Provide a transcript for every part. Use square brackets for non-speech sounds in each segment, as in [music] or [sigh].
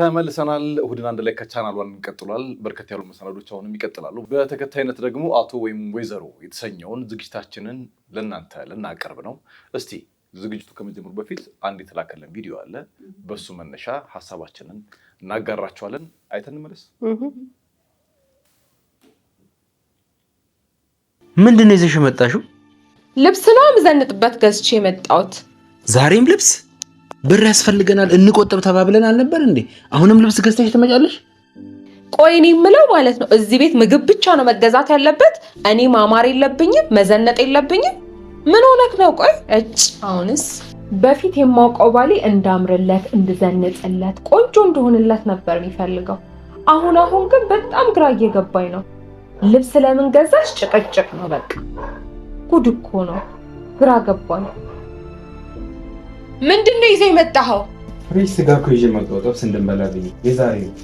ተመልሰናል። እሁድን አንድ ላይ ከቻናል ዋን ይቀጥሏል። በርከት ያሉ መሰናዶች አሁንም ይቀጥላሉ። በተከታይነት ደግሞ አቶ ወይም ወይዘሮ የተሰኘውን ዝግጅታችንን ለእናንተ ልናቀርብ ነው። እስቲ ዝግጅቱ ከመጀመሩ በፊት አንድ የተላከልን ቪዲዮ አለ። በሱ መነሻ ሀሳባችንን እናጋራቸዋለን አይተን እንመለስ። ምንድን ነው ይዘሽ የመጣሽው? ልብስ ነው የምዘንጥበት ገዝቼ የመጣሁት። ዛሬም ልብስ ብር ያስፈልገናል እንቆጥብ ተባብለን አልነበር እንዴ? አሁንም ልብስ ገዝተሽ ትመጫለሽ? ቆይ እኔ የምለው ማለት ነው እዚህ ቤት ምግብ ብቻ ነው መገዛት ያለበት? እኔ ማማር የለብኝም መዘነጥ የለብኝም? ምን ሆነክ ነው? ቆይ እጭ አሁንስ በፊት የማውቀው ባሌ እንዳምርለት እንድዘንጥለት ቆንጆ እንደሆንለት ነበር የሚፈልገው። አሁን አሁን ግን በጣም ግራ እየገባኝ ነው። ልብስ ለምን ገዛሽ? ጭቅጭቅ ነው በቃ። ጉድ እኮ ነው። ግራ ገባኝ። ምንድን ነው ይዘህ የመጣኸው? ፍሪጅ ስጋ እኮ ይዤ መጣሁ፣ ጥብስ እንድንበላ ብዬ የዛሬ ነው።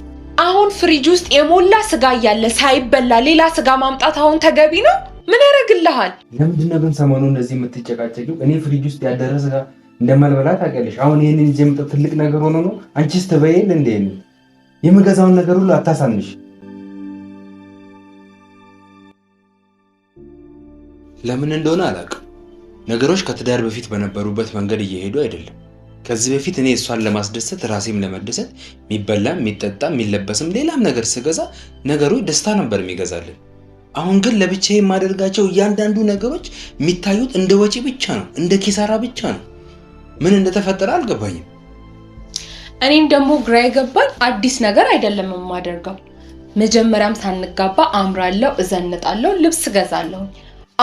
አሁን ፍሪጅ ውስጥ የሞላ ስጋ እያለ ሳይበላ ሌላ ስጋ ማምጣት አሁን ተገቢ ነው? ምን ያደርግልሃል? ለምንድን ነው ግን ሰሞኑን እንደዚህ የምትጨቃጨቂው? እኔ ፍሪጅ ውስጥ ያደረ ስጋ እንደማልበላ ታውቂያለሽ። አሁን ይህንን ይዤ መጣሁ ትልቅ ነገር ሆኖ ነው? አንቺስ ትበይል እንዴ? የምገዛውን ነገር ሁሉ አታሳንሽ። ለምን እንደሆነ አላውቅም ነገሮች ከትዳር በፊት በነበሩበት መንገድ እየሄዱ አይደለም። ከዚህ በፊት እኔ እሷን ለማስደሰት ራሴም ለመደሰት የሚበላም የሚጠጣም የሚለበስም ሌላም ነገር ስገዛ ነገሩ ደስታ ነበር የሚገዛልን። አሁን ግን ለብቻ የማደርጋቸው እያንዳንዱ ነገሮች የሚታዩት እንደ ወጪ ብቻ ነው፣ እንደ ኪሳራ ብቻ ነው። ምን እንደተፈጠረ አልገባኝም። እኔም ደግሞ ግራ የገባኝ አዲስ ነገር አይደለም የማደርገው። መጀመሪያም ሳንጋባ አምራለሁ፣ እዘንጣለሁ፣ ልብስ እገዛለሁ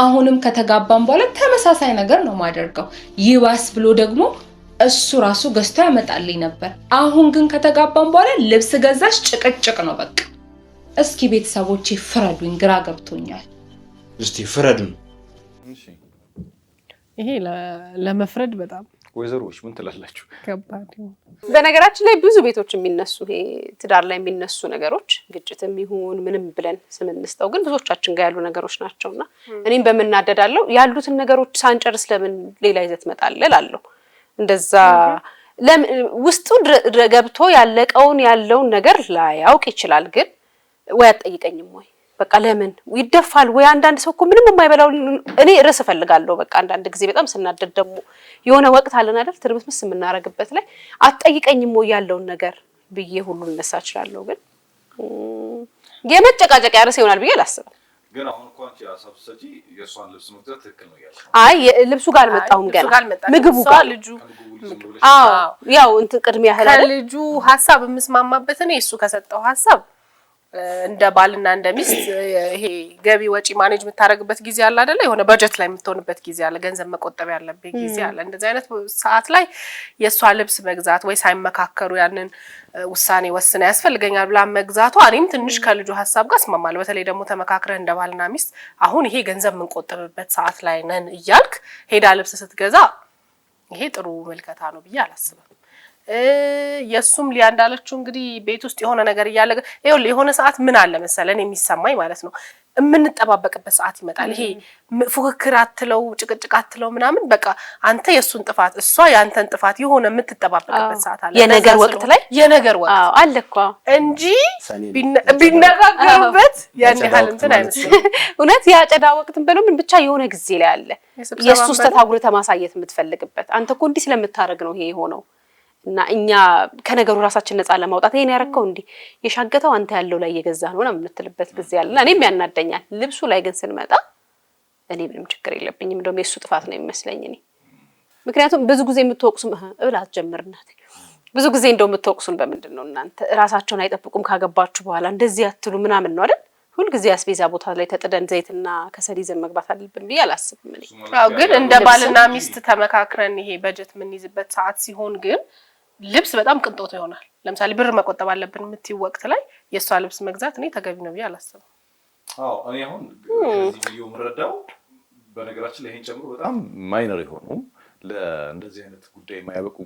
አሁንም ከተጋባም በኋላ ተመሳሳይ ነገር ነው ማደርገው። ይባስ ብሎ ደግሞ እሱ ራሱ ገዝቶ ያመጣልኝ ነበር። አሁን ግን ከተጋባም በኋላ ልብስ ገዛሽ፣ ጭቅጭቅ ነው በቃ። እስኪ ቤተሰቦቼ ፍረዱኝ፣ ግራ ገብቶኛል። እስቲ ይሄ ለመፍረድ በጣም ወይዘሮዎች ምን ትላላችሁ? በነገራችን ላይ ብዙ ቤቶች የሚነሱ ይሄ ትዳር ላይ የሚነሱ ነገሮች ግጭትም ይሁን ምንም ብለን ስምንስጠው ግን ብዙዎቻችን ጋር ያሉ ነገሮች ናቸው እና እኔም በምናደዳለው ያሉትን ነገሮች ሳንጨርስ ለምን ሌላ ይዘት መጣለል አለው እንደዛ ውስጡ ገብቶ ያለቀውን ያለውን ነገር ላያውቅ ይችላል ግን ወይ አትጠይቀኝም ወይ በቃ ለምን ይደፋል ወይ? አንዳንድ ሰው እኮ ምንም የማይበላው እኔ ርዕስ እፈልጋለሁ። በቃ አንዳንድ ጊዜ በጣም ስናደድ ደግሞ የሆነ ወቅት አለን አይደል? ትርምስምስ የምናረግበት ላይ አትጠይቀኝም ወይ ያለውን ነገር ብዬ ሁሉ ልነሳ እችላለሁ፣ ግን የመጨቃጨቂያ ርዕስ ይሆናል ብዬ አላስብም። ግን አሁን እኮ አንቺ ሀሳብ ስትሰጪ የእሷን ልብስ መግዛት ትክክል ነው እያልሽ ነው። አይ ልብሱ ጋር አልመጣሁም ገና ምግቡ ጋር ልጁ ያው እንትን ቅድሚያ ያህል ልጁ ሀሳብ የምስማማበት እኔ እሱ ከሰጠው ሀሳብ እንደ ባልና እንደ ሚስት ይሄ ገቢ ወጪ ማኔጅ የምታደርግበት ጊዜ አለ አይደለ? የሆነ በጀት ላይ የምትሆንበት ጊዜ አለ፣ ገንዘብ መቆጠብ ያለብኝ ጊዜ አለ። እንደዚህ አይነት ሰዓት ላይ የእሷ ልብስ መግዛት ወይ ሳይመካከሩ ያንን ውሳኔ ወስና ያስፈልገኛል ብላ መግዛቷ እኔም ትንሽ ከልጁ ሀሳብ ጋር እስማማለሁ። በተለይ ደግሞ ተመካክረህ እንደ ባልና ሚስት አሁን ይሄ ገንዘብ የምንቆጥብበት ሰዓት ላይ ነን እያልክ ሄዳ ልብስ ስትገዛ ይሄ ጥሩ ምልከታ ነው ብዬ አላስብም። የእሱም ሊያ እንዳለችው እንግዲህ ቤት ውስጥ የሆነ ነገር እያለ ይኸውልህ፣ የሆነ ሰዓት ምን አለ መሰለን የሚሰማኝ ማለት ነው የምንጠባበቅበት ሰዓት ይመጣል። ይሄ ፉክክር አትለው ጭቅጭቅ አትለው ምናምን በቃ አንተ የእሱን ጥፋት እሷ የአንተን ጥፋት የሆነ የምትጠባበቅበት ሰዓት አለ። የነገር ወቅት ላይ የነገር ወቅት አለ እኮ እንጂ ቢነጋገሩበት ያን ያህል እንትን አይመስልም። [laughs] እውነት የአጨዳ ወቅትን በለው ምን ብቻ የሆነ ጊዜ ላይ አለ የእሱ ስተት አጉልተህ ማሳየት የምትፈልግበት አንተ እኮ እንዲህ ስለምታደርግ ነው ይሄ የሆነው እና እኛ ከነገሩ ራሳችን ነፃ ለማውጣት ይሄን ያረከው እንዲ የሻገተው አንተ ያለው ላይ የገዛ ነው ነው የምትልበት ጊዜ አለና እኔም ያናደኛል። ልብሱ ላይ ግን ስንመጣ እኔ ምንም ችግር የለብኝም። እንደውም የእሱ ጥፋት ነው የሚመስለኝ እኔ ምክንያቱም ብዙ ጊዜ የምትወቅሱም እብል አትጀምርናት ብዙ ጊዜ እንደው የምትወቅሱን በምንድን ነው እናንተ ራሳቸውን አይጠብቁም ካገባችሁ በኋላ እንደዚህ ያትሉ ምናምን ነው አይደል? ሁልጊዜ አስቤዛ ቦታ ላይ ተጥደን ዘይትና ከሰል ይዘን መግባት አለብን ብዬ አላስብም። እኔ ግን እንደ ባልና ሚስት ተመካክረን ይሄ በጀት የምንይዝበት ሰዓት ሲሆን ግን ልብስ በጣም ቅንጦት ይሆናል። ለምሳሌ ብር መቆጠብ አለብን የምትይው ወቅት ላይ የእሷ ልብስ መግዛት እኔ ተገቢ ነው ብዬ አላስብም። እኔ አሁን ከዚህ የምረዳው በነገራችን ላይ ይህን ጨምሮ በጣም ማይነር የሆኑ ለእንደዚህ አይነት ጉዳይ የማያበቁ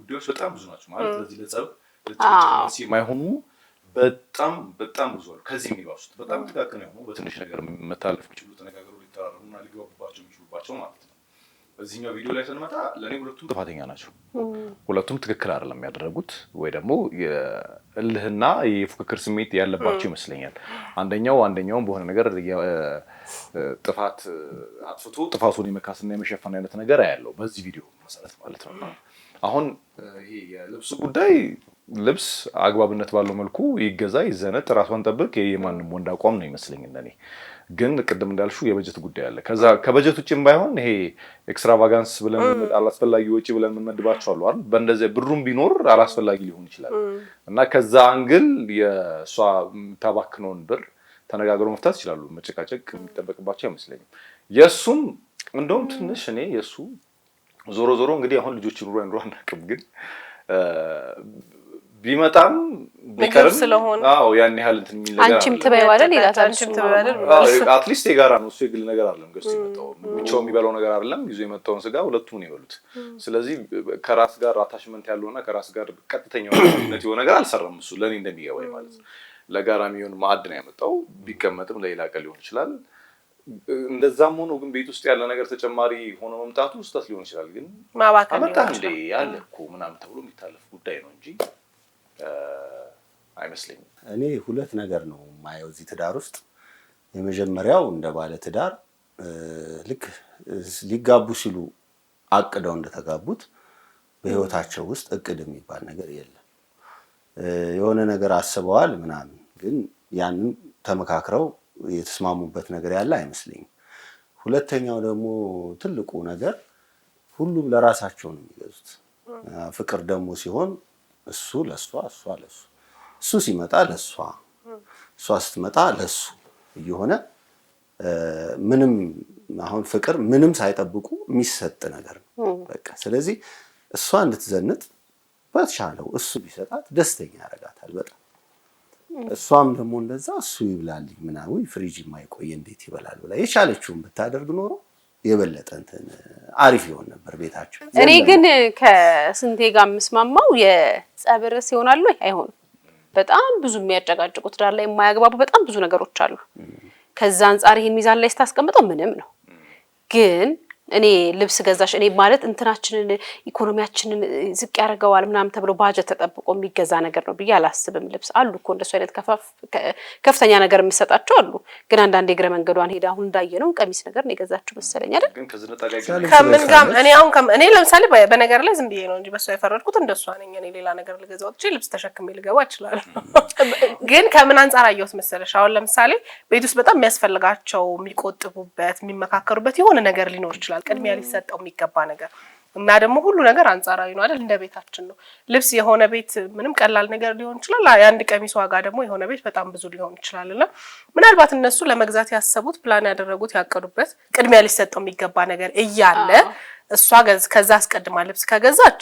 ጉዳዮች በጣም ብዙ ናቸው። ማለት ለዚህ ለጸብ የማይሆኑ በጣም በጣም ብዙ አሉ። ከዚህ የሚባሱት በጣም ጥቃቅን የሆኑ በትንሽ ነገር መታለፍ የሚችሉ ተነጋገሩ ሊተራረሙና ሊገባባቸው የሚችሉባቸው ማለት ነው እዚህኛው ቪዲዮ ላይ ስንመጣ ለእኔ ሁለቱም ጥፋተኛ ናቸው። ሁለቱም ትክክል አይደለም ያደረጉት፣ ወይ ደግሞ እልህና የፉክክር ስሜት ያለባቸው ይመስለኛል። አንደኛው አንደኛውም በሆነ ነገር ጥፋት አጥፍቶ ጥፋቱን የመካስና የመሸፈን አይነት ነገር ያለው በዚህ ቪዲዮ መሰረት ማለት ነው። አሁን ይሄ የልብሱ ጉዳይ ልብስ አግባብነት ባለው መልኩ ይገዛ፣ ይዘነጥ፣ ራሷን ጠብቅ የማንም ወንድ አቋም ነው ይመስለኝ እንደኔ ግን ቅድም እንዳልሹ የበጀት ጉዳይ አለ። ከዛ ከበጀት ውጭም ባይሆን ይሄ ኤክስትራቫጋንስ ብለን አላስፈላጊ ወጪ ብለን የምንመድባቸው አሉ አይደል? በእንደዚያ ብሩም ቢኖር አላስፈላጊ ሊሆን ይችላል እና ከዛ አንግል የእሷ የምታባክነውን ብር ተነጋግሮ መፍታት ይችላሉ። መጨቃጨቅ የሚጠበቅባቸው አይመስለኝም። የእሱም እንደውም ትንሽ እኔ የእሱ ዞሮ ዞሮ እንግዲህ አሁን ልጆች ኑሮ አይኑሮ አናውቅም፣ ግን ቢመጣም ቢቀርም ስለሆነ አዎ ያን ያህል እንትን የሚል ነገር አንቺም ትበይው አይደል ይላታል። አንቺም ትበይው አይደል አትሊስት የጋራ ነው እሱ የግል ነገር አይደለም። ገዝቶ የመጣው ብቻው የሚበላው ነገር አይደለም። ይዞ የመጣውን ስጋ ሁለቱም ነው የበሉት። ስለዚህ ከራስ ጋር አታችመንት ያለውና ከራስ ጋር ቀጥተኛ ነት የሆነ ነገር አልሰራም። እሱ ለእኔ እንደሚገባኝ ማለት ነው። ለጋራ የሚሆን ማዕድ ነው ያመጣው። ቢቀመጥም ለሌላ ቀን ሊሆን ይችላል። እንደዛም ሆኖ ግን ቤት ውስጥ ያለ ነገር ተጨማሪ ሆኖ መምጣቱ ስህተት ሊሆን ይችላል። ግን አመጣህ እንደ ያለ እኮ ምናምን ተብሎ የሚታለፍ ጉዳይ ነው እንጂ አይመስለኝም። እኔ ሁለት ነገር ነው የማየው እዚህ ትዳር ውስጥ። የመጀመሪያው እንደ ባለ ትዳር ልክ ሊጋቡ ሲሉ አቅደው እንደተጋቡት በህይወታቸው ውስጥ እቅድ የሚባል ነገር የለም። የሆነ ነገር አስበዋል ምናምን፣ ግን ያንን ተመካክረው የተስማሙበት ነገር ያለ አይመስለኝም። ሁለተኛው ደግሞ ትልቁ ነገር ሁሉም ለራሳቸው ነው የሚገዙት። ፍቅር ደግሞ ሲሆን እሱ ለእሷ እሷ ለሱ እሱ ሲመጣ ለእሷ እሷ ስትመጣ ለእሱ እየሆነ ምንም አሁን ፍቅር ምንም ሳይጠብቁ የሚሰጥ ነገር ነው። በቃ ስለዚህ እሷ እንድትዘንጥ በተሻለው እሱ ቢሰጣት ደስተኛ ያደርጋታል በጣም እሷም ደግሞ እንደዛ እሱ ይብላልኝ ምናምን ፍሪጅ የማይቆይ እንዴት ይበላል ብላ የቻለችውን ብታደርግ ኖሮ የበለጠ እንትን አሪፍ ይሆን ነበር ቤታቸው። እኔ ግን ከስንቴ ጋር የምስማማው የጸብ ይሆናል ወይ አይሆንም? በጣም ብዙ የሚያጨቃጭቁ ትዳር ላይ የማያግባቡ በጣም ብዙ ነገሮች አሉ። ከዛ አንጻር ይሄን ሚዛን ላይ ስታስቀምጠው ምንም ነው ግን እኔ ልብስ ገዛሽ እኔ ማለት እንትናችንን ኢኮኖሚያችንን ዝቅ ያደርገዋል ምናምን ተብሎ ባጀት ተጠብቆ የሚገዛ ነገር ነው ብዬ አላስብም። ልብስ አሉ እኮ እንደሱ አይነት ከፍተኛ ነገር የምሰጣቸው አሉ። ግን አንዳንድ የእግረ መንገዷን ሄዳ አሁን እንዳየ ነው ቀሚስ ነገር ነው የገዛችው መሰለኝ አይደል? ከምን ጋር እኔ አሁን እኔ ለምሳሌ በነገር ላይ ዝም ብዬ ነው እንጂ በሱ የፈረድኩት እንደሱ ነኝ። እኔ ሌላ ነገር ልገዛ ወጥቼ ልብስ ተሸክሜ ልገባ እችላለሁ። [laughs] ግን ከምን አንጻር አየሁት መሰለሽ? አሁን ለምሳሌ ቤት ውስጥ በጣም የሚያስፈልጋቸው የሚቆጥቡበት፣ የሚመካከሩበት የሆነ ነገር ሊኖር ይችላል ይችላል። ቅድሚያ ሊሰጠው የሚገባ ነገር እና ደግሞ ሁሉ ነገር አንጻራዊ ነው አይደል? እንደ ቤታችን ነው። ልብስ የሆነ ቤት ምንም ቀላል ነገር ሊሆን ይችላል። የአንድ ቀሚስ ዋጋ ደግሞ የሆነ ቤት በጣም ብዙ ሊሆን ይችላል። እና ምናልባት እነሱ ለመግዛት ያሰቡት ፕላን ያደረጉት ያቀዱበት ቅድሚያ ሊሰጠው የሚገባ ነገር እያለ እሷ ከዛ አስቀድማ ልብስ ከገዛች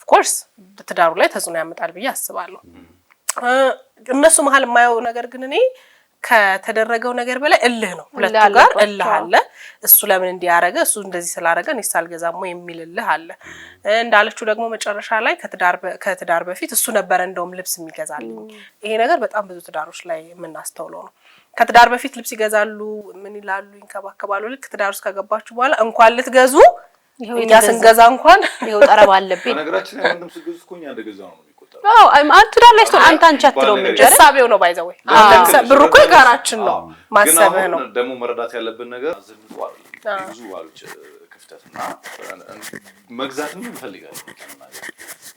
ኦፍኮርስ ትዳሩ ላይ ተጽዕኖ ያመጣል ብዬ አስባለሁ። እነሱ መሀል የማየው ነገር ግን እኔ ከተደረገው ነገር በላይ እልህ ነው። ሁለቱ ጋር እልህ አለ። እሱ ለምን እንዲያረገ እሱ እንደዚህ ስላረገ እኔስ አልገዛም የሚል እልህ አለ። እንዳለችው ደግሞ መጨረሻ ላይ ከትዳር በፊት እሱ ነበረ እንደውም ልብስ የሚገዛልኝ። ይሄ ነገር በጣም ብዙ ትዳሮች ላይ የምናስተውለው ነው። ከትዳር በፊት ልብስ ይገዛሉ፣ ምን ይላሉ፣ ይንከባከባሉ። ልክ ትዳር ውስጥ ከገባችሁ በኋላ እንኳን ልትገዙ እኛ ስንገዛ እንኳን ይኸው ጠረብ አለብኝ። ነገራችን ስገዙ እኮ እኛ እንደገዛ ነው ትዳር አንተ አንቺ አትለውም እንጂ እሳቤው ነው። ባይዘዌ ብሩ እኮ የጋራችን ነው። ማሰብህ ነው። ደግሞ መረዳት ያለብን ነገር ብዙ ባሎች ክፍተት እና መግዛትም እንፈልጋለን።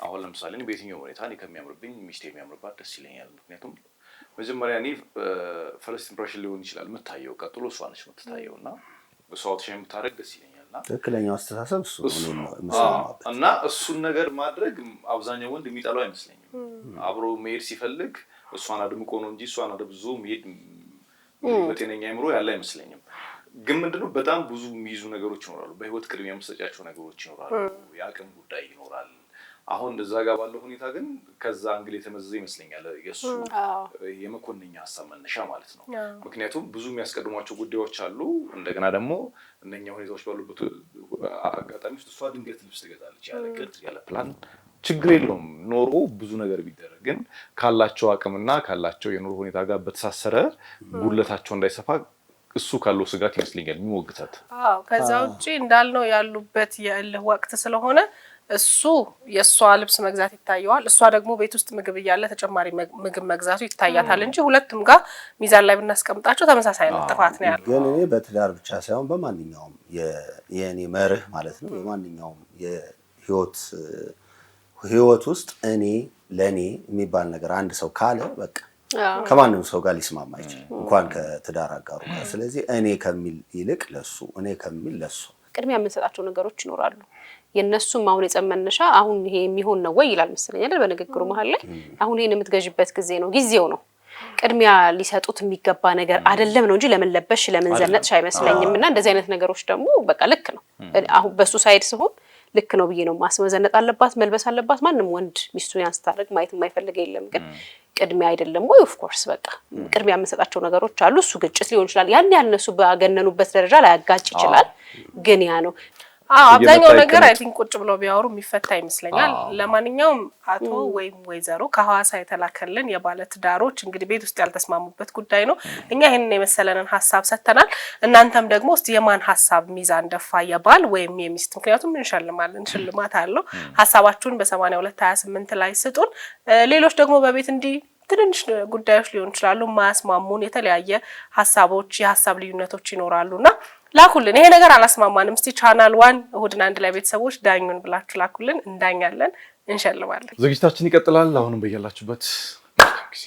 አሁን ለምሳሌ በየትኛው ሁኔታ እኔ ከሚያምርብኝ ሚስቴ የሚያምርባት ደስ ይለኛል። ምክንያቱም መጀመሪያ እኔ ፈርስት ኢምፕሬሽን ሊሆን ይችላል የምታየው፣ ቀጥሎ እሷ ነች የምትታየው እና እሷ ተሻ የምታደርግ ደስ ይለኛል እና ትክክለኛው አስተሳሰብ እሱ እና እሱን ነገር ማድረግ አብዛኛው ወንድ የሚጠላው አይመስለኝም። አብሮ መሄድ ሲፈልግ እሷን አድምቆ ነው እንጂ እሷን አደብዞ መሄድ በጤነኛ አይምሮ ያለ አይመስለኝም። ግን ምንድነው በጣም ብዙ የሚይዙ ነገሮች ይኖራሉ። በህይወት ቅድሚያ መሰጫቸው ነገሮች ይኖራሉ። የአቅም ጉዳይ ይኖራል አሁን እዛ ጋር ባለው ሁኔታ ግን ከዛ እንግዲህ የተመዘዘ ይመስለኛል የእሱ የመኮንኛ ሀሳብ መነሻ ማለት ነው። ምክንያቱም ብዙ የሚያስቀድሟቸው ጉዳዮች አሉ። እንደገና ደግሞ እነኛ ሁኔታዎች ባሉበት አጋጣሚ ውስጥ እሷ ድንገት ልብስ ትገዛለች ያለ ቅድ ያለ ፕላን ችግር የለውም ኖሮ ብዙ ነገር ቢደረግ ግን ካላቸው አቅምና ካላቸው የኑሮ ሁኔታ ጋር በተሳሰረ ጉለታቸው እንዳይሰፋ እሱ ካለው ስጋት ይመስለኛል የሚሞግታት። ከዛ ውጭ እንዳልነው ያሉበት የእልህ ወቅት ስለሆነ እሱ የእሷ ልብስ መግዛት ይታየዋል፣ እሷ ደግሞ ቤት ውስጥ ምግብ እያለ ተጨማሪ ምግብ መግዛቱ ይታያታል እንጂ ሁለቱም ጋር ሚዛን ላይ ብናስቀምጣቸው ተመሳሳይ ነው፣ ጥፋት ነው ያለው። ግን እኔ በትዳር ብቻ ሳይሆን በማንኛውም የእኔ መርህ ማለት ነው በማንኛውም የህይወት ህይወት ውስጥ እኔ ለእኔ የሚባል ነገር አንድ ሰው ካለ በቃ ከማንም ሰው ጋር ሊስማማ አይችል፣ እንኳን ከትዳር አጋሩ ጋር። ስለዚህ እኔ ከሚል ይልቅ ለሱ እኔ ከሚል ለሱ ቅድሚያ የምንሰጣቸው ነገሮች ይኖራሉ። የነሱ አሁን የጸመነሻ አሁን ይሄ የሚሆን ነው ወይ ይላል መሰለኝ አይደል በንግግሩ መሀል ላይ አሁን ይሄን የምትገዥበት ጊዜ ነው ጊዜው ነው ቅድሚያ ሊሰጡት የሚገባ ነገር አይደለም ነው እንጂ ለምን ለበሽ ለምን ዘነጥሽ አይመስለኝም። እና እንደዚህ አይነት ነገሮች ደግሞ በቃ ልክ ነው አሁን በሱ ሳይድ ሲሆን ልክ ነው ብዬ ነው ማስመዘነጥ አለባት መልበስ አለባት። ማንም ወንድ ሚስቱን ያንስታደርግ ማየት የማይፈልግ የለም። ግን ቅድሚያ አይደለም ወይ ኦፍኮርስ በቃ ቅድሚያ የምንሰጣቸው ነገሮች አሉ። እሱ ግጭት ሊሆን ይችላል። ያን ያልነሱ ባገነኑበት ደረጃ ላያጋጭ ይችላል። ግን ያ ነው አብዛኛው ነገር አይ ቲንክ ቁጭ ብለው ቢያወሩ የሚፈታ ይመስለኛል። ለማንኛውም አቶ ወይም ወይዘሮ ከሐዋሳ የተላከልን የባለትዳሮች እንግዲህ ቤት ውስጥ ያልተስማሙበት ጉዳይ ነው። እኛ ይህንን የመሰለንን ሀሳብ ሰጥተናል። እናንተም ደግሞ እስቲ የማን ሀሳብ ሚዛን ደፋ የባል ወይም የሚስት ምክንያቱም እንሸልማለን ሽልማት አለው። ሀሳባችሁን በሰማንያ ሁለት ሀያ ስምንት ላይ ስጡን። ሌሎች ደግሞ በቤት እንዲህ ትንንሽ ጉዳዮች ሊሆን ይችላሉ ማያስማሙን የተለያየ ሀሳቦች የሀሳብ ልዩነቶች ይኖራሉና ላኩልን። ይሄ ነገር አላስማማንም። እስቲ ቻናል ዋን እሁድን አንድ ላይ ቤተሰቦች ዳኙን ብላችሁ ላኩልን። እንዳኛለን፣ እንሸልማለን። ዝግጅታችን ይቀጥላል። አሁንም በያላችሁበት ጊዜ